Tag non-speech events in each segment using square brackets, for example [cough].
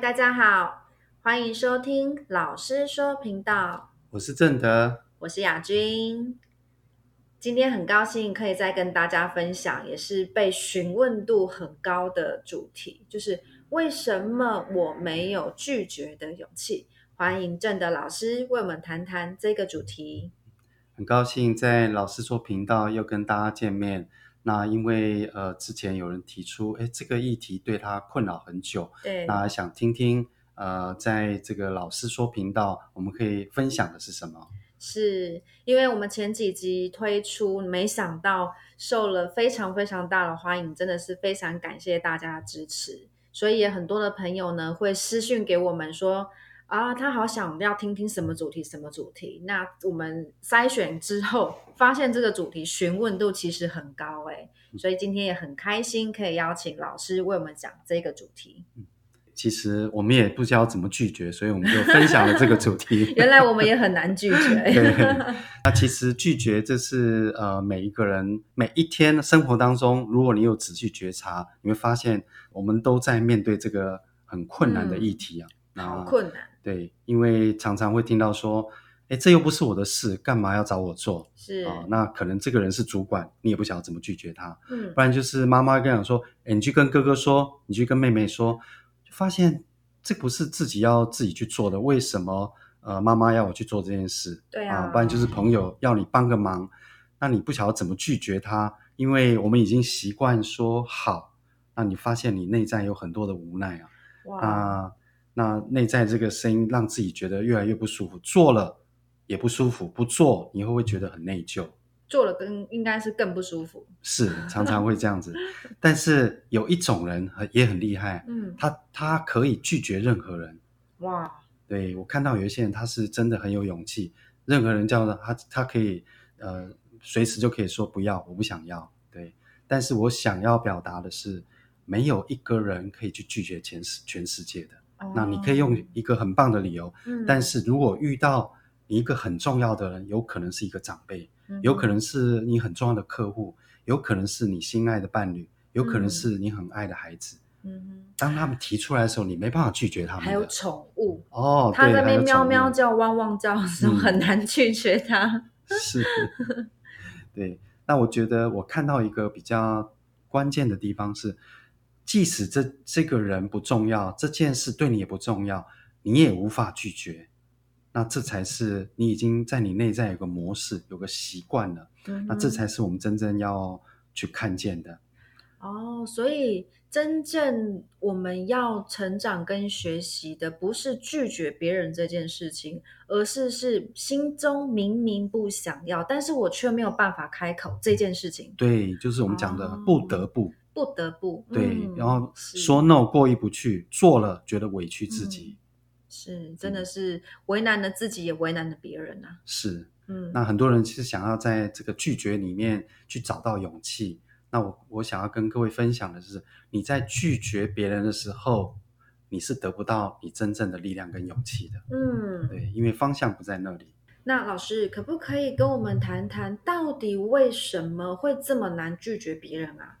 大家好，歡迎收聽老施說頻道。我是正德，我是亞軍。今天很高興可以再跟大家分享，也是被詢問度很高的主題，就是為什麼我沒有拒絕的勇氣。歡迎正德老師為我們談談這個主題。很高興在老施說頻道又跟大家見面。那因為呃，之前有人提出，哎，這個議題對他困擾很久，對，那想聽聽呃，在這個老師說頻道，我們可以分享的是什麼？是，因為我們前幾集推出，沒想到受了非常非常大的歡迎，真的是非常感謝大家的支持。所以也很多的朋友呢，會私訊給我們說，啊，他好想要聽聽什麼主題，什麼主題？那我們篩選之後，發現這個主題詢問度其實很高。所以今天也很開心，可以邀請老師為我們講這個主題。嗯，其實我們也不知道怎麼拒絕，所以我們就分享了這個主題。 [laughs] 原來我們也很難拒絕。 [laughs] 對，那其實拒絕就是呃，每一個人每一天生活當中，如果你有仔細覺察，你會發現我們都在面對這個很困難的議題啊。嗯，然後困難。對，因為常常會聽到說。誒這又不是我的事，幹嘛要找我做？是啊、呃，那可能這個人是主管，你也不曉得怎麼拒絕他。嗯，不然就是媽媽跟你講說，誒你去跟哥哥說，你去跟妹妹說，就發現這不是自己要自己去做的。為什麼？呃，媽媽要我去做這件事，對啊，啊不然就是朋友要你幫個忙、嗯，那你不曉得怎麼拒絕他，因為我們已經習慣說好，那你發現你內在有很多的無奈啊，啊、呃，那內在這個聲音讓自己覺得越來越不舒服，做了。也不舒服，不做你會不會覺得很內疚？做了更應該是更不舒服。是，常常會這樣子。 [laughs] 但是有一種人很也很厲害，嗯，他他可以拒絕任何人。哇，對，我看到有一些人他是真的很有勇氣，任何人叫他，他，他可以呃隨時就可以說不要，我不想要。對，但是我想要表達的是，沒有一個人可以去拒絕全世全世界的。哦。那你可以用一個很棒的理由，嗯，但是如果遇到你一個很重要的人，有可能是一個長輩、嗯，有可能是你很重要的客戶，有可能是你心愛的伴侶，嗯、有可能是你很愛的孩子、嗯。當他們提出來的時候，你沒辦法拒絕他們。還有寵物哦，他在那邊喵喵叫、汪汪叫的時候，很難拒絕他。 [laughs] 是。對，那我覺得我看到一個比較關鍵的地方是，即使這這個人不重要，這件事對你也不重要，你也無法拒絕。嗯那這才是你已經在你內在有個模式，有個習慣了。那這才是我們真正要去看見的。哦，所以真正我們要成長跟學習的，不是拒絕別人這件事情，而是是心中明明不想要，但是我卻沒有辦法開口這件事情。對，就是我們講的不得不，哦、不得不。對，嗯、然後說 no，過意不去，做了覺得委屈自己。嗯是，真的是為難了自己，也為難了別人啊。是，嗯，那很多人其實想要在這個拒絕裡面去找到勇氣。那我我想要跟各位分享的是，你在拒絕別人的時候，你是得不到你真正的力量跟勇氣的。嗯，對，因為方向不在那裡。那老師可不可以跟我們談談，到底為什麼會這麼難拒絕別人啊？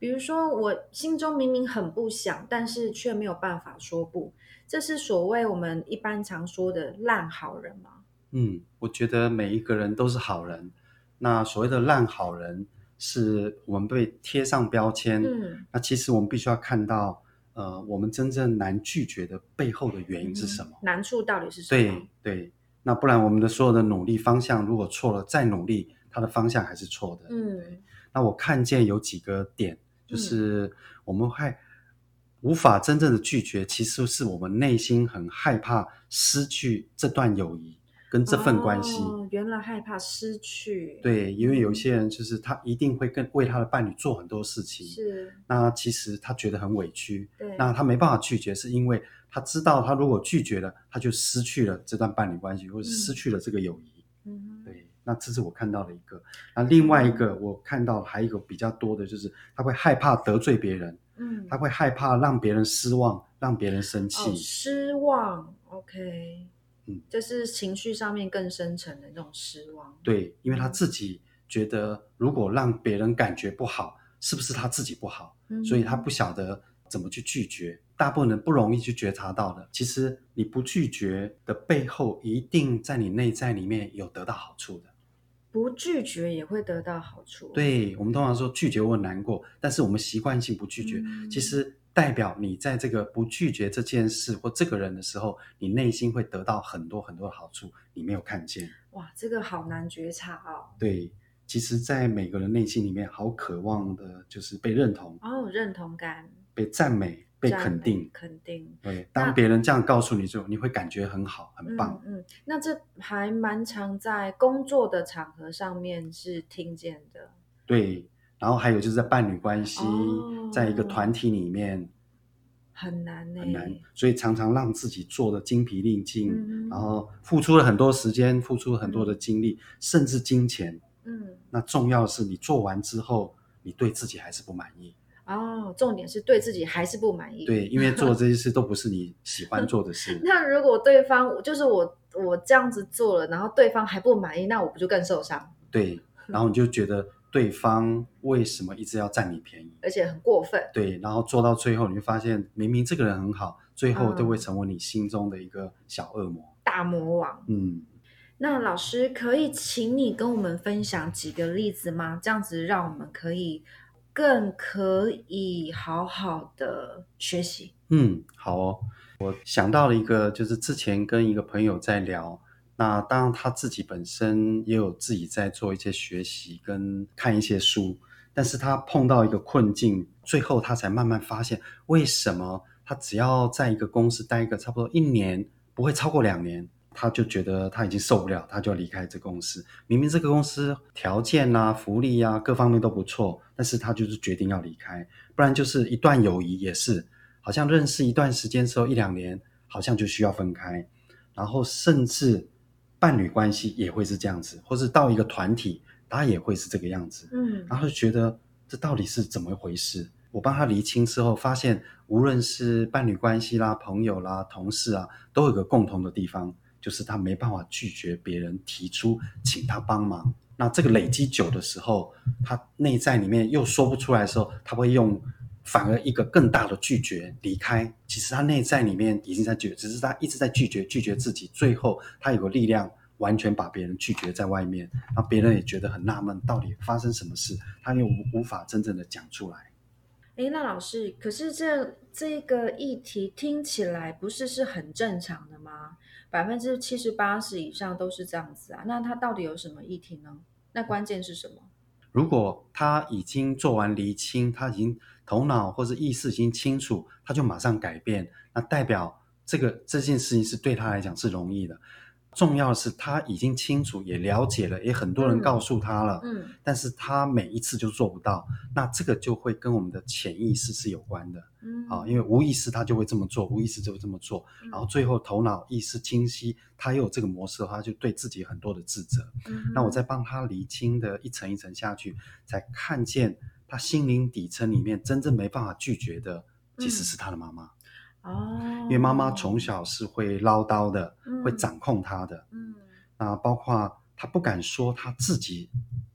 比如說，我心中明明很不想，但是卻沒有辦法說不，這是所謂我們一般常說的爛好人嗎？嗯，我覺得每一個人都是好人，那所謂的爛好人是我們被貼上標籤。嗯，那其實我們必須要看到，呃，我們真正難拒絕的背後的原因是什麼？嗯、難處到底是什麼？對對，那不然我們的所有的努力方向如果錯了，再努力，它的方向還是錯的。嗯，對。那我看見有幾個點。就是我們會無法真正的拒絕，其實是我們內心很害怕失去這段友誼跟這份關係。哦，原來害怕失去。對，因為有一些人就是他一定會跟，嗯，為他的伴侶做很多事情，是。那其實他覺得很委屈，對。那他沒辦法拒絕，是因為他知道他如果拒絕了，他就失去了這段伴侶關係，或者失去了這個友誼。嗯那這是我看到的一個，那另外一個我看到還有一個比較多的就是他會害怕得罪別人，嗯，他會害怕讓別人失望，讓別人生氣。哦，失望，OK，嗯，就是情緒上面更深層的那種失望。對，因為他自己覺得如果讓別人感覺不好，是不是他自己不好？嗯，所以他不曉得怎麼去拒絕。大部分人不容易去覺察到的，其實你不拒絕的背後，一定在你內在裡面有得到好處的。不拒絕也會得到好處。對，我們通常說拒絕或難過，但是我們習慣性不拒絕，嗯，其實代表你在這個不拒絕這件事或這個人的時候，你內心會得到很多很多的好處，你沒有看見。哇，這個好難覺察哦。對，其實，在每個人內心裡面，好渴望的就是被認同哦，認同感，被讚美。被肯定，肯定。對，當別人這樣告訴你之後，你會感覺很好，很棒嗯。嗯，那這還蠻常在工作的場合上面是聽見的。對，然後還有就是在伴侶關係，哦、在一個團體裡面，嗯、很難，很難。所以常常讓自己做的精疲力盡、嗯，然後付出了很多時間，付出很多的精力，甚至金錢。嗯，那重要是你做完之後，你對自己還是不滿意。哦，重點是對自己還是不滿意？對，因為做這些事都不是你喜歡做的事。 [laughs] 那如果對方就是我，我這樣子做了，然後對方還不滿意，那我不就更受傷？對，然後你就覺得對方為什麼一直要占你便宜，而且很過分。對，然後做到最後，你會發現明明這個人很好，最後都會成為你心中的一個小惡魔、大魔王。嗯，那老師可以請你跟我們分享幾個例子嗎？這樣子讓我們可以。更可以好好的學習。嗯，好哦。我想到了一個，就是之前跟一個朋友在聊，那當然他自己本身也有自己在做一些學習跟看一些書，但是他碰到一個困境，最後他才慢慢發現，為什麼他只要在一個公司待個差不多一年，不會超過兩年。他就覺得他已經受不了，他就要離開這個公司。明明這個公司條件啊、福利啊各方面都不錯，但是他就是決定要離開。不然就是一段友誼也是，好像認識一段時間之後，一兩年好像就需要分開。然後甚至伴侶關係也會是這樣子，或是到一個團體，他也會是這個樣子。嗯，然後就覺得這到底是怎麼一回事？我幫他釐清之後，發現無論是伴侶關係啦、朋友啦、同事啊，都有個共同的地方。就是他沒辦法拒絕別人提出請他幫忙，那這個累積久的時候，他內在裡面又說不出來的時候，他會用反而一個更大的拒絕離開。其實他內在裡面已經在拒絕，只是他一直在拒絕拒絕自己，最後他有個力量完全把別人拒絕在外面，讓別人也覺得很納悶，到底發生什麼事，他又無法真正的講出來。誒，那老師，可是這這個議題聽起來不是是很正常的嗎？百分之七十八十以上都是這樣子啊，那他到底有什麼議題呢？那關鍵是什麼？如果他已經做完釐清，他已經頭腦或者意識已經清楚，他就馬上改變，那代表這個這件事情是對他來講是容易的。重要的是，他已經清楚，也了解了，也很多人告訴他了、嗯嗯。但是他每一次就做不到、嗯，那這個就會跟我們的潛意識是有關的、嗯。啊，因為無意識他就會這麼做，無意識就會這麼做，嗯、然後最後頭腦意識清晰，他又有這個模式的話，就對自己很多的自責、嗯。那我再幫他釐清的一層一層下去、嗯，才看見他心靈底層裡面真正沒辦法拒絕的，其實是他的媽媽。嗯因為媽媽從小是會嘮叨的，哦嗯、會掌控他的。嗯，那、嗯啊、包括他不敢說他自己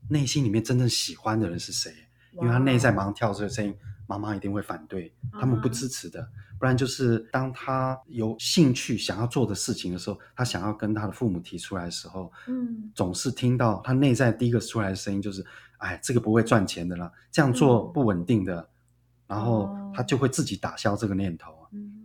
內心裡面真正喜歡的人是誰，因為他內在馬上跳出來的聲音、嗯，媽媽一定會反對，他、嗯、們不支持的。不然就是當他有興趣想要做的事情的時候，他想要跟他的父母提出來的時候，嗯，總是聽到他內在第一個出來的聲音就是：“哎，這個不會賺錢的啦，這樣做不穩定的。嗯”然後他就會自己打消這個念頭、嗯嗯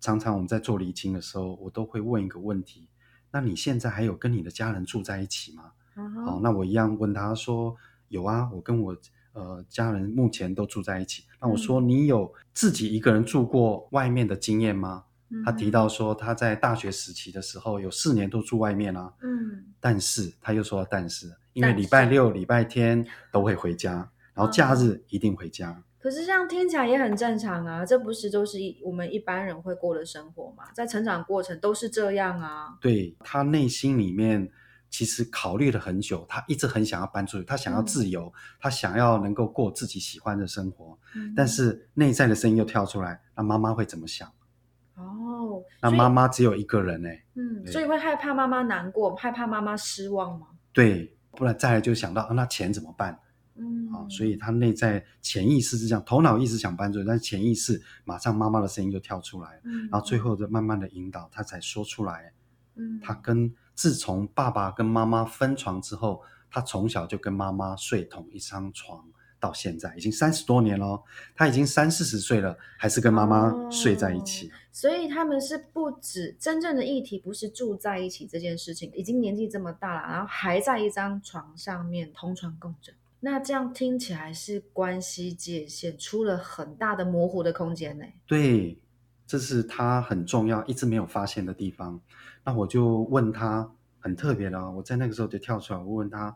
常常我們在做釐清的時候，我都會問一個問題：那你現在還有跟你的家人住在一起嗎？好、uh -huh. 哦，那我一樣問他說：有啊，我跟我呃家人目前都住在一起。那我說、嗯：你有自己一個人住過外面的經驗嗎？Uh -huh. 他提到說他在大學時期的時候有四年都住外面啊。嗯、uh -huh.，但是他又說，但是因為禮拜六、禮拜天都會回家，然後假日一定回家。Uh -huh. 可是這樣聽起來也很正常啊，這不是都是一我們一般人會過的生活嗎？在成長過程都是這樣啊。對，他內心裡面其實考慮了很久，他一直很想要搬出去，他想要自由，嗯、他想要能夠過自己喜歡的生活、嗯。但是內在的聲音又跳出來，那媽媽會怎麼想？哦，那媽媽只有一個人哎、欸，嗯，所以會害怕媽媽難過，害怕媽媽失望嗎？對，不然再來就想到啊，那錢怎麼辦？嗯，所以他內在潛意識是這樣，頭腦一直想搬走，但是潛意識馬上媽媽的聲音就跳出來，嗯，然後最後就慢慢的引導，他才說出來。嗯，他跟自從爸爸跟媽媽分床之後，他從小就跟媽媽睡同一張床，到現在已經三十多年了，他已經三四十歲了，還是跟媽媽睡在一起。哦，所以他們是不止真正的議題，不是住在一起這件事情，已經年紀這麼大了，然後還在一張床上面同床共枕。那這樣聽起來是關係界限出了很大的模糊的空間呢，欸？對，這是他很重要，一直沒有發現的地方。那我就問他，很特別的，我在那個時候就跳出來，我問他，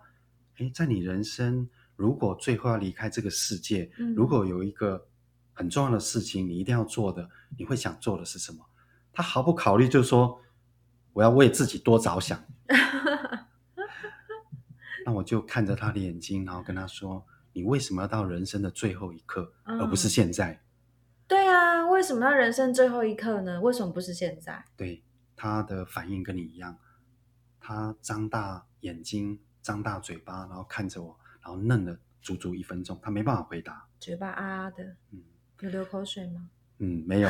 誒，在你人生如果最後要離開這個世界，嗯，如果有一個很重要的事情你一定要做的，你會想做的是什麼？他毫不考慮就說，就是說我要為自己多着想。那我就看着他的眼睛，然後跟他說：“你為什麼要到人生的最後一刻，嗯，而不是現在？”對啊，為什麼要人生最後一刻呢？為什麼不是現在？對，他的反應跟你一樣，他張大眼睛，張大嘴巴，然後看着我，然後愣了足足一分鐘，他沒辦法回答，嘴巴啊啊的，嗯，有流口水嗎？嗯，沒有。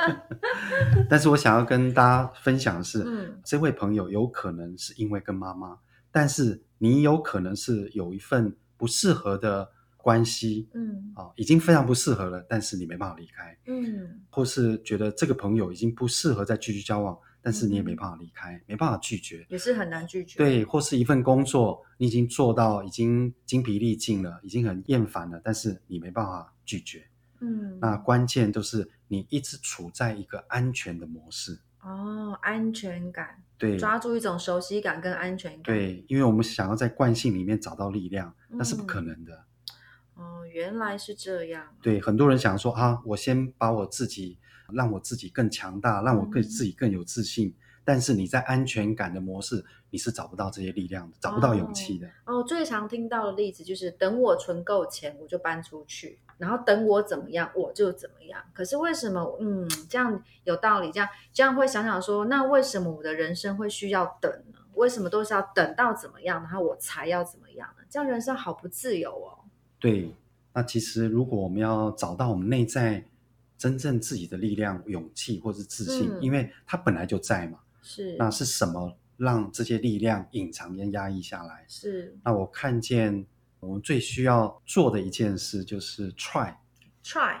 [laughs] 但是我想要跟大家分享的是，嗯，這位朋友有可能是因為跟媽媽，但是你有可能是有一份不適合的關係，嗯，哦，已經非常不適合了，但是你沒辦法離開，嗯，或是覺得這個朋友已經不適合再繼續交往，但是你也沒辦法離開，嗯，沒辦法拒絕，也是很難拒絕，對，或是一份工作，你已經做到已經精疲力盡了，已經很厭煩了，但是你沒辦法拒絕，嗯，那關鍵就是你一直處在一個安全的模式。哦，安全感，對，抓住一種熟悉感跟安全感。對，因為我們想要在慣性裡面找到力量，那是不可能的。嗯、哦，原來是這樣啊。對，很多人想說啊，我先把我自己，讓我自己更強大，讓我更自己更有自信，嗯。但是你在安全感的模式，你是找不到這些力量的，找不到勇氣的哦。哦，最常聽到的例子就是，等我存夠錢，我就搬出去。然後等我怎麼樣，我就怎麼樣。可是為什麼，嗯，這樣有道理，這樣這樣會想想說，那為什麼我的人生會需要等呢？為什麼都是要等到怎麼樣，然後我才要怎麼樣呢？這樣人生好不自由哦。對，那其實如果我們要找到我們內在真正自己的力量、勇氣或是自信，嗯，因為它本來就在嘛。是。那是什麼讓這些力量隱藏跟壓抑下來？是。那我看見。我們最需要做的一件事就是 try，try，try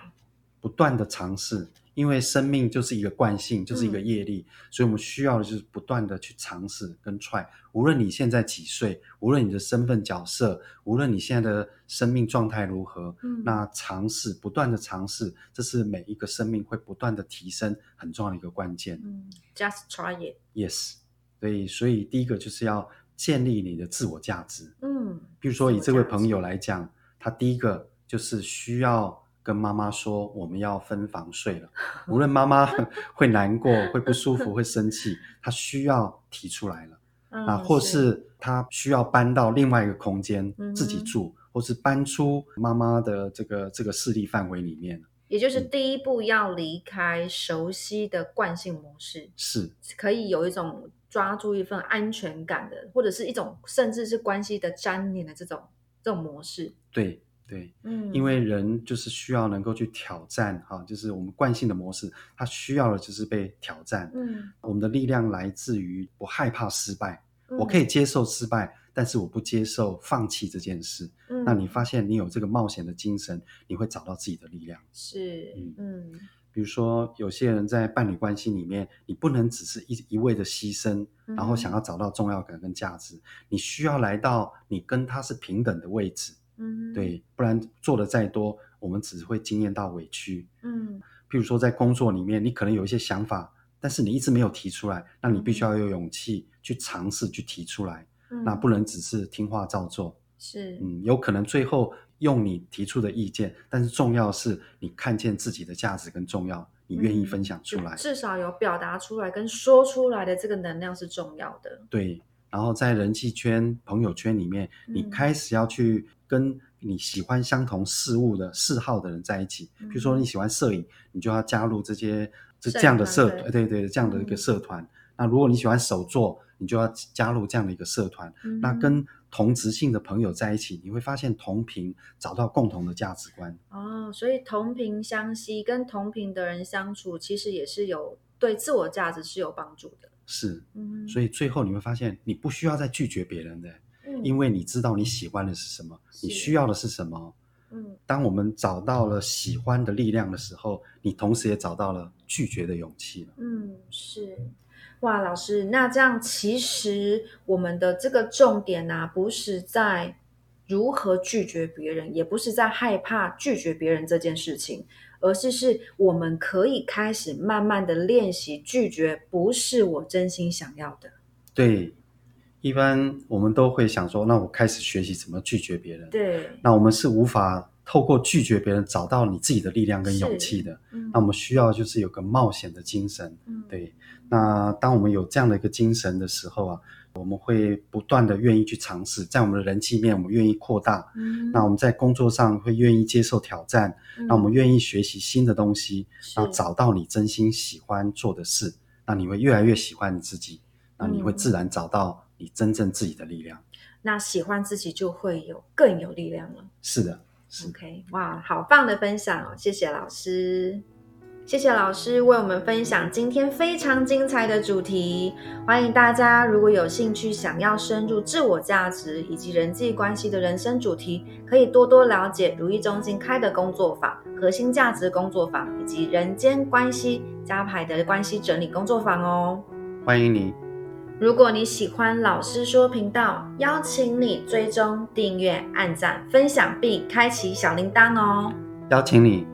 不斷的嘗試，因為生命就是一個慣性，就是一個業力，嗯、所以我們需要的就是不斷的去嘗試跟 try。無論你現在幾歲，無論你的身份角色，無論你現在的生命狀態如何，嗯、那嘗試不斷的嘗試，這是每一個生命會不斷的提升很重要的一個關鍵。嗯、Just try it。Yes。所以所以第一個就是要。建立你的自我價值。嗯，譬如說以這位朋友來講，他第一個就是需要跟媽媽說，我們要分房睡了。 [laughs] 無論媽媽會難過、 [laughs] 會不舒服、 [laughs] 會生氣，他需要提出來了。啊、嗯，或是他需要搬到另外一個空間自己住，或是搬出媽媽的這個這個勢力範圍裡面。也就是第一步要離開熟悉的慣性模式，嗯、是可以有一種。抓住一份安全感的，或者是一種甚至是關係的粘連的這種這種模式。對對，嗯，因為人就是需要能夠去挑戰哈、啊，就是我們慣性的模式，它需要的就是被挑戰。嗯，我們的力量來自於我害怕失敗，嗯、我可以接受失敗，但是我不接受放棄這件事。嗯，那你發現你有這個冒險的精神，你會找到自己的力量。是，嗯。嗯比如說，有些人在伴侶關係裡面，你不能只是一一味的犧牲，嗯，然後想要找到重要感跟價值，你需要來到你跟他是平等的位置，嗯，對，不然做的再多，我們只會經驗到委屈，嗯。比如說在工作裡面，你可能有一些想法，但是你一直沒有提出來，那你必須要有勇氣去嘗試去提出來，嗯，那不能只是聽話照做，是，嗯，有可能最後。用你提出的意見，但是重要是你看見自己的價值跟重要，你願意分享出來，嗯、至少有表達出來跟說出來的這個能量是重要的。對，然後在人際圈、朋友圈裡面，你開始要去跟你喜歡相同事物的、嗯、嗜好的人在一起。比如說你喜歡攝影、嗯，你就要加入這些這這樣的社，啊、對、對、對對，這樣的一個社團。嗯那如果你喜歡手作，你就要加入這樣的一個社團。嗯、那跟同質性的朋友在一起，你會發現同頻，找到共同的價值觀。哦，所以同頻相吸，跟同頻的人相處，其實也是有對自我價值是有幫助的。是，嗯、所以最後你會發現，你不需要再拒絕別人的、嗯、因為你知道你喜歡的是什麼，你需要的是什麼、嗯。當我們找到了喜歡的力量的時候，嗯、你同時也找到了拒絕的勇氣了。嗯，是。哇，老師，那這樣其實我們的這個重點呢、啊，不是在如何拒絕別人，也不是在害怕拒絕別人這件事情，而是是我們可以開始慢慢的練習拒絕，不是我真心想要的。對，一般我們都會想說，那我開始學習怎麼拒絕別人。對，那我們是無法。透過拒絕別人，找到你自己的力量跟勇氣的、嗯。那我們需要就是有個冒險的精神、嗯。對，那當我們有這樣的一個精神的時候啊，我們會不斷的願意去嘗試，在我們的人際面，我們願意擴大、嗯。那我們在工作上會願意接受挑戰，嗯、那我們願意學習新的東西，嗯、然後找到你真心喜歡做的事，那你會越來越喜歡自己、嗯，那你會自然找到你真正自己的力量。嗯、那喜歡自己就會有更有力量了。是的。OK，哇，好棒的分享哦！謝謝老師，謝謝老師為我們分享今天非常精彩的主題。歡迎大家，如果有興趣想要深入自我價值以及人際關係的人生主題，可以多多了解如意中心開的工作坊——核心價值工作坊以及人間關係家排的關係整理工作坊哦。歡迎你。如果你喜歡老施說頻道，邀請你追蹤、訂閱、按贊、分享並開啟小鈴鐺哦。邀請你。